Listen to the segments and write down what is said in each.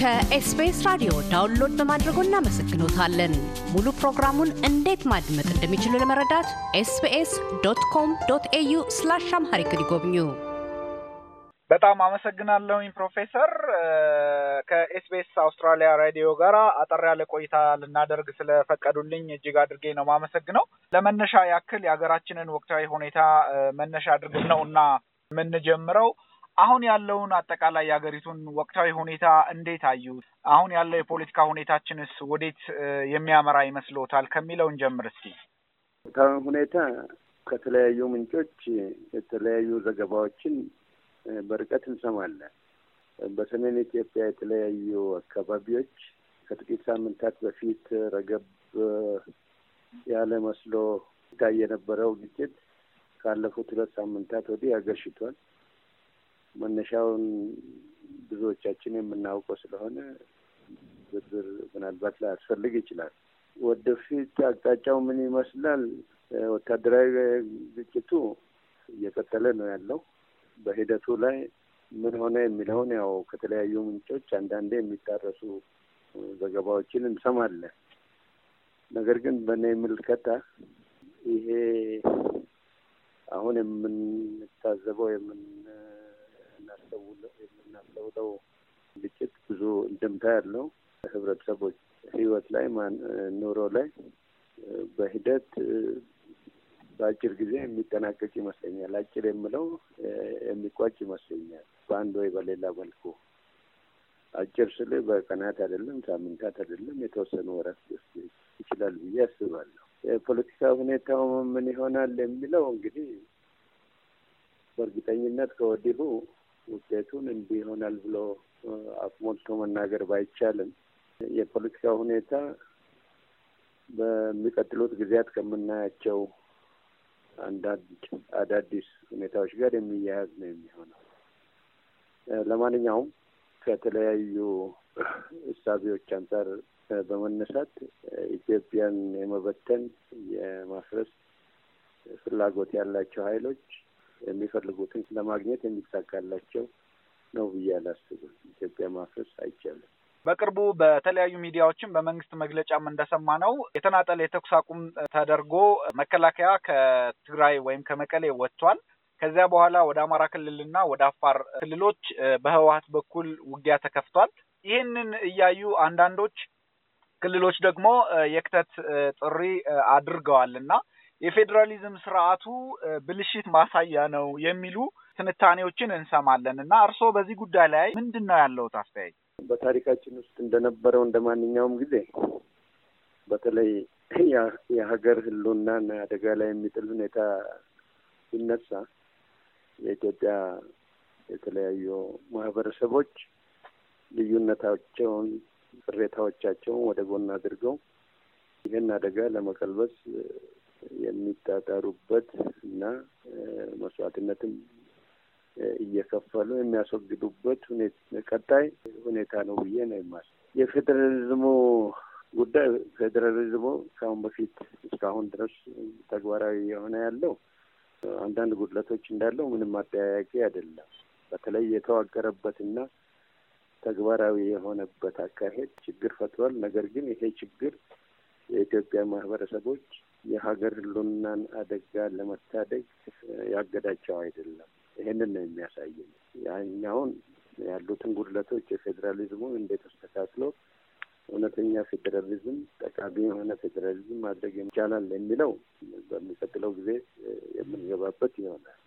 ከኤስቢኤስ ራዲዮ ዳውንሎድ በማድረጎ እናመሰግኖታለን። ሙሉ ፕሮግራሙን እንዴት ማድመጥ እንደሚችሉ ለመረዳት ኤስቢኤስ ዶት ኮም ዶት ኤዩ ስላሽ አምሃሪክ ይጎብኙ። በጣም አመሰግናለሁኝ ፕሮፌሰር። ከኤስቢኤስ አውስትራሊያ ራዲዮ ጋር አጠር ያለ ቆይታ ልናደርግ ስለፈቀዱልኝ እጅግ አድርጌ ነው ማመሰግነው። ለመነሻ ያክል የሀገራችንን ወቅታዊ ሁኔታ መነሻ አድርገን ነው እና የምንጀምረው አሁን ያለውን አጠቃላይ የሀገሪቱን ወቅታዊ ሁኔታ እንዴት አዩት? አሁን ያለው የፖለቲካ ሁኔታችንስ ወዴት የሚያመራ ይመስሎታል? ከሚለውን ጀምር እስቲ። ወቅታዊ ሁኔታ ከተለያዩ ምንጮች የተለያዩ ዘገባዎችን በርቀት እንሰማለን። በሰሜን ኢትዮጵያ የተለያዩ አካባቢዎች ከጥቂት ሳምንታት በፊት ረገብ ያለ መስሎ ይታይ የነበረው ግጭት ካለፉት ሁለት ሳምንታት ወዲህ አገርሽቷል። መነሻውን ብዙዎቻችን የምናውቀው ስለሆነ ዝርዝር ምናልባት ላያስፈልግ ይችላል። ወደፊት አቅጣጫው ምን ይመስላል? ወታደራዊ ግጭቱ እየቀጠለ ነው ያለው። በሂደቱ ላይ ምን ሆነ የሚለውን ያው ከተለያዩ ምንጮች አንዳንዴ የሚታረሱ ዘገባዎችን እንሰማለን። ነገር ግን በእኔ ምልከታ ይሄ አሁን የምንታዘበው የምን የምናስተውለው ግጭት ብዙ እንድምታ ያለው ህብረተሰቦች ህይወት ላይ ኑሮ ላይ በሂደት በአጭር ጊዜ የሚጠናቀቅ ይመስለኛል። አጭር የምለው የሚቋጭ ይመስለኛል። በአንድ ወይ በሌላ መልኩ አጭር ስል በቀናት አይደለም፣ ሳምንታት አይደለም፣ የተወሰኑ ወራት ውስጥ ይችላል ብዬ አስባለሁ። የፖለቲካ ሁኔታው ምን ይሆናል የሚለው እንግዲህ በእርግጠኝነት ከወዲሁ ውጤቱን እንዲህ ይሆናል ብሎ አፍ ሞልቶ መናገር ባይቻልም የፖለቲካ ሁኔታ በሚቀጥሉት ጊዜያት ከምናያቸው አንዳንድ አዳዲስ ሁኔታዎች ጋር የሚያያዝ ነው የሚሆነው። ለማንኛውም ከተለያዩ እሳቢዎች አንጻር በመነሳት ኢትዮጵያን የመበተን የማፍረስ ፍላጎት ያላቸው ኃይሎች የሚፈልጉትን ለማግኘት የሚሳካላቸው ነው ብዬ አላስብም። ኢትዮጵያ ማፍረስ አይቻልም። በቅርቡ በተለያዩ ሚዲያዎችም በመንግስት መግለጫም እንደሰማ ነው የተናጠለ የተኩስ አቁም ተደርጎ መከላከያ ከትግራይ ወይም ከመቀሌ ወጥቷል። ከዚያ በኋላ ወደ አማራ ክልልና ወደ አፋር ክልሎች በህወሀት በኩል ውጊያ ተከፍቷል። ይህንን እያዩ አንዳንዶች ክልሎች ደግሞ የክተት ጥሪ አድርገዋል እና የፌዴራሊዝም ስርዓቱ ብልሽት ማሳያ ነው የሚሉ ትንታኔዎችን እንሰማለን እና እርስዎ በዚህ ጉዳይ ላይ ምንድን ነው ያለውት አስተያየት? በታሪካችን ውስጥ እንደነበረው እንደ ማንኛውም ጊዜ በተለይ የሀገር ህልውናን አደጋ ላይ የሚጥል ሁኔታ ሲነሳ የኢትዮጵያ የተለያዩ ማህበረሰቦች ልዩነታቸውን፣ ቅሬታዎቻቸውን ወደ ጎን አድርገው ይህን አደጋ ለመቀልበስ የሚጣጣሩበት እና መስዋዕትነትም እየከፈሉ የሚያስወግዱበት ቀጣይ ሁኔታ ነው ብዬ ነው ይማል የፌዴራሊዝሙ ጉዳይ ፌዴራሊዝሙ ከአሁን በፊት እስካሁን ድረስ ተግባራዊ የሆነ ያለው አንዳንድ ጉድለቶች እንዳለው ምንም አጠያያቂ አይደለም። በተለይ የተዋቀረበትና ተግባራዊ የሆነበት አካሄድ ችግር ፈጥሯል። ነገር ግን ይሄ ችግር የኢትዮጵያ ማህበረሰቦች የሀገር ሕልውናን አደጋ ለመታደግ ያገዳቸው አይደለም። ይህንን ነው የሚያሳየን። ያኛውን ያሉትን ጉድለቶች የፌዴራሊዝሙ እንዴት ተስተካክሎ እውነተኛ ፌዴራሊዝም፣ ጠቃሚ የሆነ ፌዴራሊዝም ማድረግ ይቻላል የሚለው በሚቀጥለው ጊዜ የምንገባበት ይሆናል።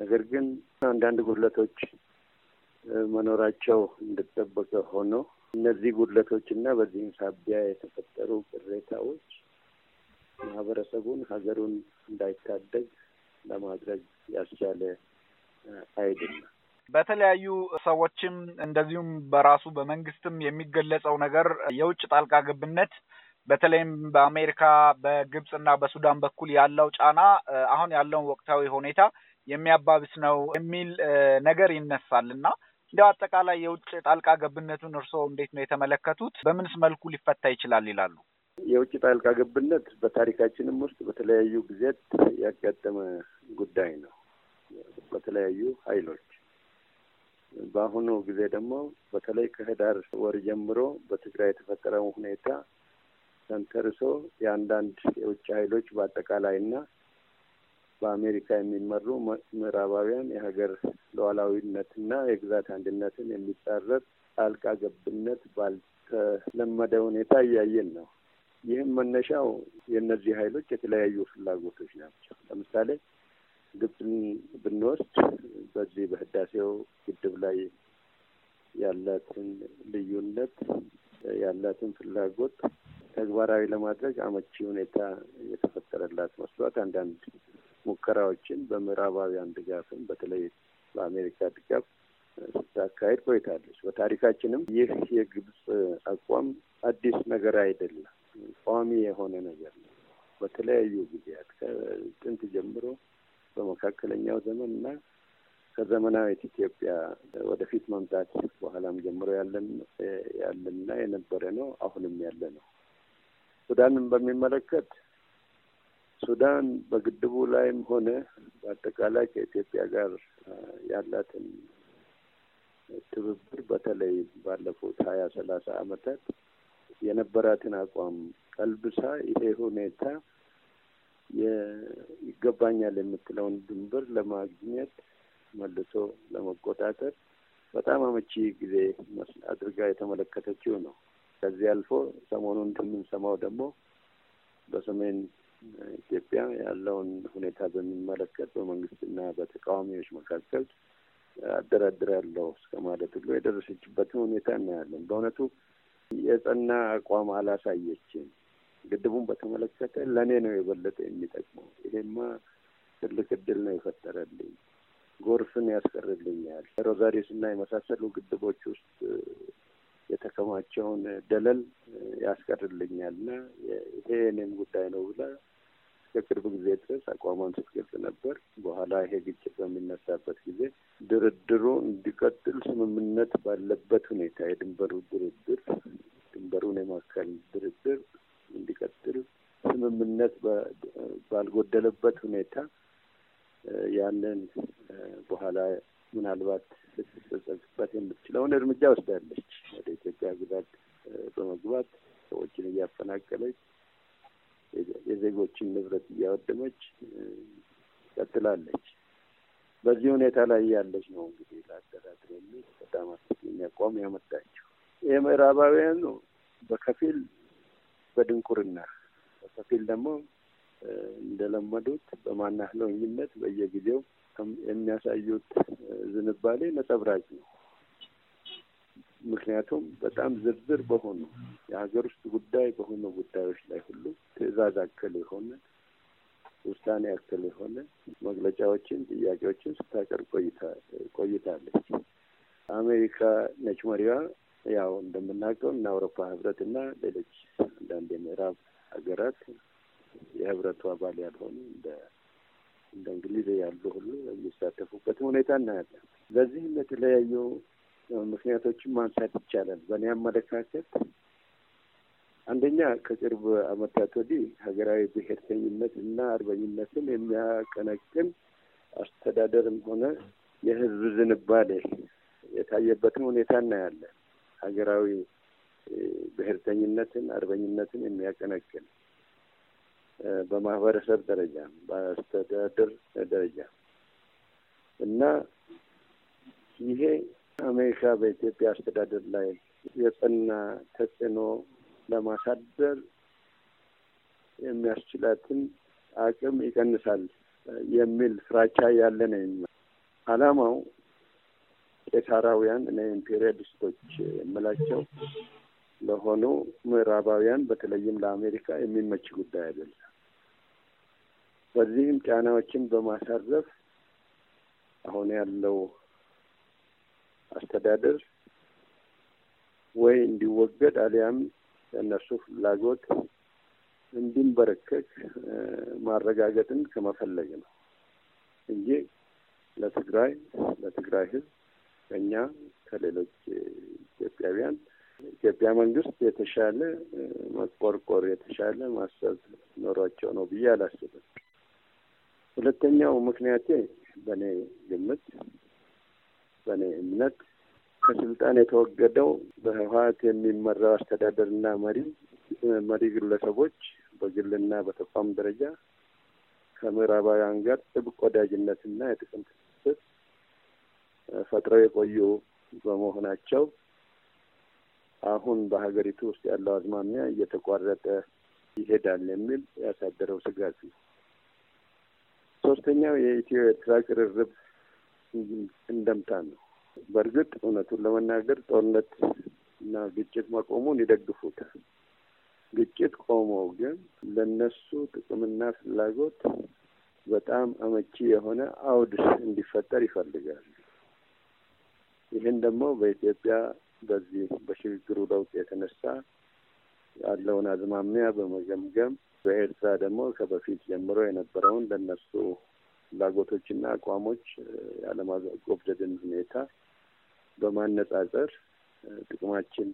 ነገር ግን አንዳንድ ጉድለቶች መኖራቸው እንደተጠበቀ ሆኖ እነዚህ ጉድለቶችና በዚህም ሳቢያ የተፈጠሩ ቅሬታዎች ማህበረሰቡን ሀገሩን እንዳይታደግ ለማድረግ ያስቻለ አይደለም። በተለያዩ ሰዎችም እንደዚሁም በራሱ በመንግስትም የሚገለጸው ነገር የውጭ ጣልቃ ገብነት በተለይም በአሜሪካ በግብጽ እና በሱዳን በኩል ያለው ጫና አሁን ያለውን ወቅታዊ ሁኔታ የሚያባብስ ነው የሚል ነገር ይነሳል እና እንዲያው አጠቃላይ የውጭ ጣልቃ ገብነቱን እርስዎ እንዴት ነው የተመለከቱት? በምንስ መልኩ ሊፈታ ይችላል ይላሉ? የውጭ ጣልቃ ገብነት በታሪካችንም ውስጥ በተለያዩ ጊዜያት ያጋጠመ ጉዳይ ነው። በተለያዩ ኃይሎች በአሁኑ ጊዜ ደግሞ በተለይ ከህዳር ወር ጀምሮ በትግራይ የተፈጠረው ሁኔታ ተንተርሶ የአንዳንድ የውጭ ኃይሎች በአጠቃላይና በአሜሪካ የሚመሩ ምዕራባውያን የሀገር ሉዓላዊነትና የግዛት አንድነትን የሚጻረር ጣልቃ ገብነት ባልተለመደ ሁኔታ እያየን ነው። ይህም መነሻው የእነዚህ ኃይሎች የተለያዩ ፍላጎቶች ናቸው። ለምሳሌ ግብፅን ብንወስድ በዚህ በህዳሴው ግድብ ላይ ያላትን ልዩነት ያላትን ፍላጎት ተግባራዊ ለማድረግ አመቺ ሁኔታ የተፈጠረላት መስሏት አንዳንድ ሙከራዎችን በምዕራባውያን ድጋፍን በተለይ በአሜሪካ ድጋፍ ስታካሄድ ቆይታለች። በታሪካችንም ይህ የግብፅ አቋም አዲስ ነገር አይደለም። ቋሚ የሆነ ነገር ነው። በተለያዩ ጊዜያት ከጥንት ጀምሮ በመካከለኛው ዘመን እና ከዘመናዊት ኢትዮጵያ ወደፊት መምጣት በኋላም ጀምሮ ያለና ያለንና የነበረ ነው። አሁንም ያለ ነው። ሱዳንን በሚመለከት ሱዳን በግድቡ ላይም ሆነ በአጠቃላይ ከኢትዮጵያ ጋር ያላትን ትብብር በተለይ ባለፉት ሀያ ሰላሳ ዓመታት የነበራትን አቋም ቀልብሳ ይሄ ሁኔታ ይገባኛል የምትለውን ድንበር ለማግኘት መልሶ ለመቆጣጠር በጣም አመቺ ጊዜ አድርጋ የተመለከተችው ነው። ከዚህ አልፎ ሰሞኑን እንደምንሰማው ደግሞ በሰሜን ኢትዮጵያ ያለውን ሁኔታ በሚመለከት በመንግስትና በተቃዋሚዎች መካከል አደራድራለሁ እስከ ማለት ሁሉ የደረሰችበትን ሁኔታ እናያለን። በእውነቱ የጸና አቋም አላሳየችም። ግድቡን በተመለከተ ለእኔ ነው የበለጠ የሚጠቅመው። ይሄማ ትልቅ እድል ነው የፈጠረልኝ። ጎርፍን ያስቀርልኛል። እና የመሳሰሉ ግድቦች ውስጥ የተከማቸውን ደለል ያስቀርልኛል እና ይሄ እኔም ጉዳይ ነው ብላ ቅርብ ጊዜ ድረስ አቋሟን ስትገልጽ ነበር። በኋላ ይሄ ግጭት በሚነሳበት ጊዜ ድርድሩ እንዲቀጥል ስምምነት ባለበት ሁኔታ የድንበሩ ድርድር ድንበሩን የማካከል ድርድር እንዲቀጥል ስምምነት ባልጎደለበት ሁኔታ ያንን በኋላ ምናልባት ልትጸጸትበት የምትችለውን እርምጃ ወስዳለች። ወደ ኢትዮጵያ ግዛት በመግባት ሰዎችን እያፈናቀለች የዜጎችን ንብረት እያወደመች ቀጥላለች። በዚህ ሁኔታ ላይ ያለች ነው እንግዲህ ለአደራድር የሚል በጣም አስጊ አቋም ያመጣችው። ይህ ምዕራባውያን በከፊል በድንቁርና በከፊል ደግሞ እንደለመዱት በማናለኝነት በየጊዜው የሚያሳዩት ዝንባሌ ነጠብራጅ ነው። ምክንያቱም በጣም ዝርዝር በሆኑ የሀገር ውስጥ ጉዳይ በሆኑ ጉዳዮች ላይ ሁሉ ትዕዛዝ አክል የሆነ ውሳኔ ያክል የሆነ መግለጫዎችን፣ ጥያቄዎችን ስታቀርብ ቆይታለች። አሜሪካ ነች መሪዋ። ያው እንደምናውቀው እና አውሮፓ ህብረት እና ሌሎች አንዳንድ የምዕራብ ሀገራት የህብረቱ አባል ያልሆኑ እንደ እንደ እንግሊዝ ያሉ ሁሉ የሚሳተፉበትን ሁኔታ እናያለን። ለዚህም የተለያዩ ምክንያቶችን ማንሳት ይቻላል። በእኔ አመለካከት አንደኛ ከቅርብ ዓመታት ወዲህ ሀገራዊ ብሔርተኝነት እና አርበኝነትን የሚያቀነቅን አስተዳደርም ሆነ የህዝብ ዝንባሌ የታየበትን ሁኔታ እናያለን። ሀገራዊ ብሔርተኝነትን፣ አርበኝነትን የሚያቀነቅን በማህበረሰብ ደረጃ በአስተዳደር ደረጃ እና ይሄ አሜሪካ በኢትዮጵያ አስተዳደር ላይ የጸና ተጽዕኖ ለማሳደር የሚያስችላትን አቅም ይቀንሳል የሚል ፍራቻ ያለ ነው። አላማው ቄሳራውያን እና ኢምፔሪያሊስቶች የምላቸው ለሆኑ ምዕራባውያን በተለይም ለአሜሪካ የሚመች ጉዳይ አይደለም። በዚህም ጫናዎችን በማሳረፍ አሁን ያለው አስተዳደር ወይ እንዲወገድ አሊያም የእነሱ ፍላጎት እንዲንበረከክ ማረጋገጥን ከመፈለግ ነው እንጂ ለትግራይ ለትግራይ ሕዝብ ከኛ ከሌሎች ኢትዮጵያውያን ኢትዮጵያ መንግስት የተሻለ መቆርቆር የተሻለ ማሰብ ኖሯቸው ነው ብዬ አላስብም። ሁለተኛው ምክንያቴ በእኔ ግምት፣ በእኔ እምነት ከስልጣን የተወገደው በህወሀት የሚመራው አስተዳደርና መሪ መሪ ግለሰቦች በግልና በተቋም ደረጃ ከምዕራባውያን ጋር ጥብቅ ወዳጅነትና የጥቅም ትስስር ፈጥረው የቆዩ በመሆናቸው አሁን በሀገሪቱ ውስጥ ያለው አዝማሚያ እየተቋረጠ ይሄዳል የሚል ያሳደረው ስጋት ነው። ሶስተኛው የኢትዮ ኤርትራ ቅርርብ እንደምታ ነው። በእርግጥ እውነቱን ለመናገር ጦርነት እና ግጭት መቆሙን ይደግፉታል። ግጭት ቆሞ ግን ለነሱ ጥቅምና ፍላጎት በጣም አመቺ የሆነ አውድ እንዲፈጠር ይፈልጋል። ይህን ደግሞ በኢትዮጵያ በዚህ በሽግግሩ ለውጥ የተነሳ ያለውን አዝማሚያ በመገምገም በኤርትራ ደግሞ ከበፊት ጀምሮ የነበረውን ለነሱ ፍላጎቶችና አቋሞች ያለማጎብደድን ሁኔታ በማነጻጸር ጥቅማችን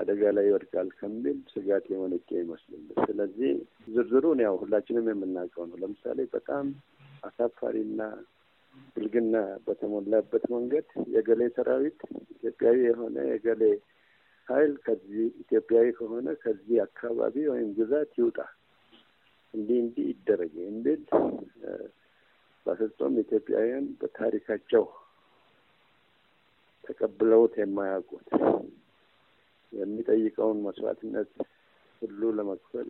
አደጋ ላይ ይወድቃል ከሚል ስጋት የመነጨ ይመስልል። ስለዚህ ዝርዝሩን ያው ሁላችንም የምናውቀው ነው። ለምሳሌ በጣም አሳፋሪና ብልግና በተሞላበት መንገድ የገሌ ሰራዊት ኢትዮጵያዊ የሆነ የገሌ ኃይል ከዚህ ኢትዮጵያዊ ከሆነ ከዚህ አካባቢ ወይም ግዛት ይውጣ፣ እንዲህ እንዲህ ይደረግ የሚል በፍጹም ኢትዮጵያውያን በታሪካቸው ተቀብለውት የማያውቁት የሚጠይቀውን መስዋዕትነት ሁሉ ለመክፈል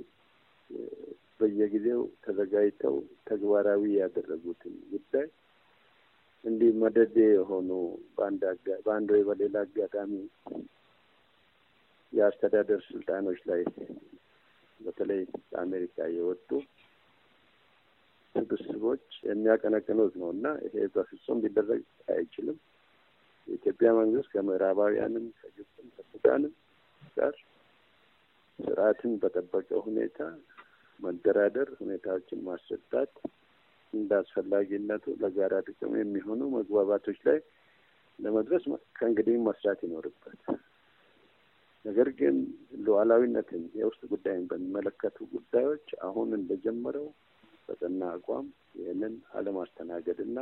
በየጊዜው ተዘጋጅተው ተግባራዊ ያደረጉትን ጉዳይ እንዲህ መደዴ የሆኑ በአንድ ወይ በሌላ አጋጣሚ የአስተዳደር ስልጣኖች ላይ በተለይ ለአሜሪካ የወጡ ስብስቦች የሚያቀነቅኑት ነው እና ይሄ በፍጹም ሊደረግ አይችልም። የኢትዮጵያ መንግስት ከምዕራባውያንም ከግብፅም ከሱዳንም ጋር ስርዓትን በጠበቀ ሁኔታ መደራደር፣ ሁኔታዎችን ማስረዳት እንደ አስፈላጊነቱ ለጋራ ጥቅም የሚሆኑ መግባባቶች ላይ ለመድረስ ከእንግዲህ መስራት ይኖርበት። ነገር ግን ሉዓላዊነትን፣ የውስጥ ጉዳይን በሚመለከቱ ጉዳዮች አሁን እንደጀመረው በጠና አቋም ይህንን አለማስተናገድና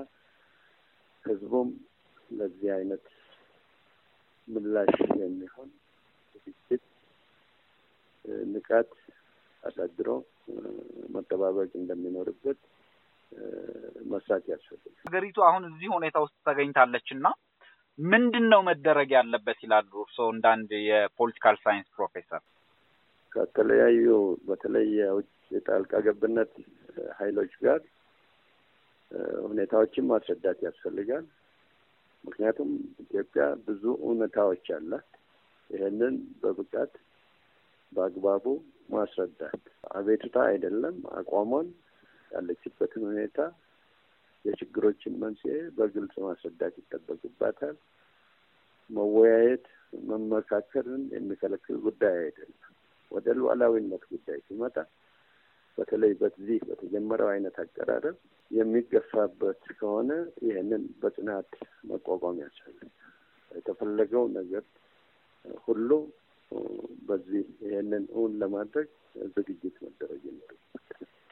ህዝቡም ለዚህ አይነት ምላሽ የሚሆን ዝግጅት ንቃት አሳድሮ መጠባበቅ እንደሚኖርበት መሳት ያስፈልጋል ሀገሪቱ አሁን እዚህ ሁኔታ ውስጥ ተገኝታለች እና ምንድን ነው መደረግ ያለበት ይላሉ እርስዎ እንደ አንድ የፖለቲካል ሳይንስ ፕሮፌሰር? ከተለያዩ በተለይ የውጭ የጣልቃ ገብነት ኃይሎች ጋር ሁኔታዎችን ማስረዳት ያስፈልጋል። ምክንያቱም ኢትዮጵያ ብዙ እውነታዎች አላት። ይህንን በብቃት በአግባቡ ማስረዳት አቤቱታ አይደለም፣ አቋሟን ያለችበትን ሁኔታ የችግሮችን መንስኤ በግልጽ ማስረዳት ይጠበቅባታል። መወያየት መመካከርን የሚከለክል ጉዳይ አይደለም። ወደ ሉዓላዊነት ጉዳይ ሲመጣ በተለይ በዚህ በተጀመረው አይነት አቀራረብ የሚገፋበት ከሆነ ይህንን በጽናት መቋቋም ያስፈልጋል። የተፈለገው ነገር ሁሉ በዚህ ይህንን እውን ለማድረግ ዝግጅት መደረግ ይኖርበታል።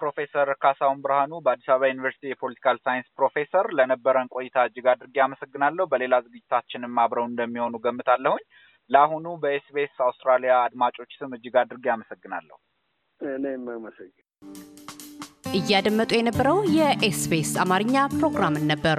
ፕሮፌሰር ካሳሁን ብርሃኑ በአዲስ አበባ ዩኒቨርሲቲ የፖለቲካል ሳይንስ ፕሮፌሰር፣ ለነበረን ቆይታ እጅግ አድርጌ አመሰግናለሁ። በሌላ ዝግጅታችንም አብረው እንደሚሆኑ ገምታለሁኝ። ለአሁኑ በኤስቢኤስ አውስትራሊያ አድማጮች ስም እጅግ አድርጌ አመሰግናለሁ። እኔም እያደመጡ የነበረው የኤስቢኤስ አማርኛ ፕሮግራምን ነበር።